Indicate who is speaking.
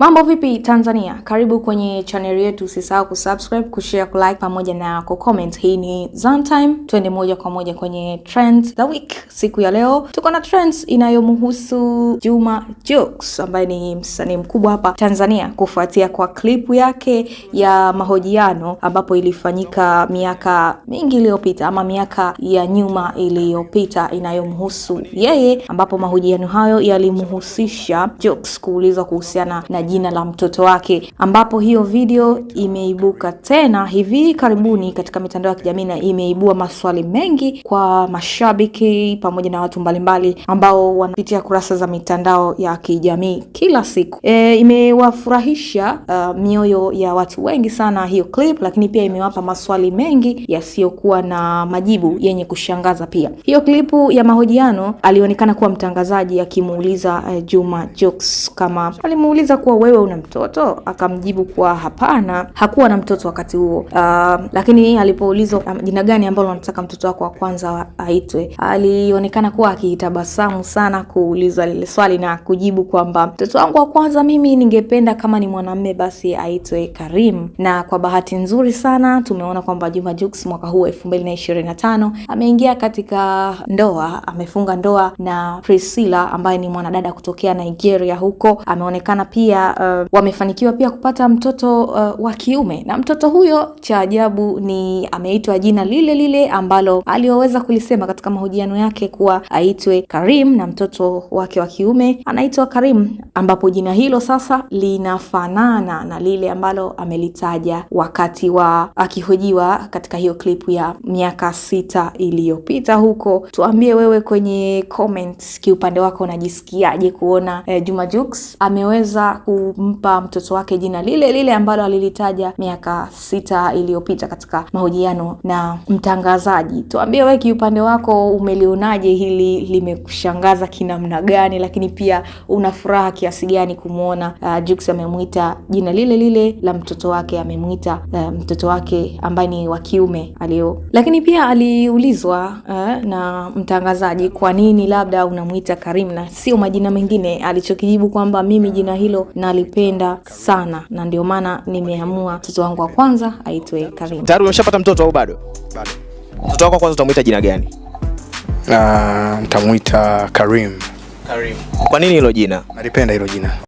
Speaker 1: Mambo vipi Tanzania? Karibu kwenye chaneli yetu, usisahau kusubscribe, kushare, kulike pamoja na kucomment. Hii ni Zantime, twende moja kwa moja kwenye trends the week. Siku ya leo tuko na trends inayomhusu Juma Jux ambaye ni msanii mkubwa hapa Tanzania kufuatia kwa klipu yake ya mahojiano ambapo ilifanyika miaka mingi iliyopita ama miaka ya nyuma iliyopita inayomhusu yeye, ambapo mahojiano hayo yalimhusisha Jux kuulizwa kuhusiana na jina la mtoto wake, ambapo hiyo video imeibuka tena hivi karibuni katika mitandao ya kijamii na imeibua maswali mengi kwa mashabiki pamoja na watu mbalimbali ambao wanapitia kurasa za mitandao ya kijamii kila siku. E, imewafurahisha uh, mioyo ya watu wengi sana hiyo clip, lakini pia imewapa maswali mengi yasiyokuwa na majibu yenye kushangaza. Pia hiyo klipu ya mahojiano alionekana kuwa mtangazaji akimuuliza uh, Juma Jux kama alimuuliza kuwa wewe una mtoto? Akamjibu kuwa hapana, hakuwa na mtoto wakati huo. Uh, lakini alipoulizwa ah, jina gani ambalo anataka mtoto wako wa kwanza aitwe, alionekana kuwa akitabasamu sana kuulizwa lile swali na kujibu kwamba mtoto wangu wa kwanza mimi ningependa kama ni mwanamume basi aitwe Karim. Na kwa bahati nzuri sana tumeona kwamba Juma Jux mwaka huu elfu mbili na ishirini na tano ameingia katika ndoa, amefunga ndoa na Priscilla ambaye ni mwanadada kutokea Nigeria huko. Ameonekana pia uh, wamefanikiwa pia kupata mtoto uh, wa kiume, na mtoto huyo cha ajabu ni ameitwa jina lile lile ambalo aliyoweza kulisema katika mahojiano yake kuwa aitwe Karim, na mtoto wake wa kiume anaitwa Karim, ambapo jina hilo sasa linafanana na lile ambalo amelitaja wakati wa akihojiwa katika hiyo klipu ya miaka sita iliyopita huko. Tuambie wewe kwenye comments, kiupande wako unajisikiaje kuona eh, Juma Jux ameweza ku kumpa mtoto wake jina lile lile ambalo alilitaja miaka sita iliyopita katika mahojiano na mtangazaji. Tuambie wewe kiupande wako umelionaje hili, limekushangaza kinamna gani? Lakini pia una furaha kiasi gani kumwona uh, Jux amemwita jina lile lile la mtoto wake, amemwita uh, mtoto wake ambaye ni wa kiume alio. Lakini pia aliulizwa uh, na mtangazaji, kwa nini labda unamwita Karim na sio majina mengine, alichokijibu kwamba mimi jina hilo na nalipenda sana, na ndio maana nimeamua mtoto wangu wa kwanza aitwe Karim.
Speaker 2: Tayari umeshapata mtoto au bado? Bado. Mtoto wako wa kwanza utamuita jina gani?
Speaker 3: Ah, Nitamwita Karim.
Speaker 2: Karim. Kwa nini hilo jina?
Speaker 3: Nalipenda hilo jina.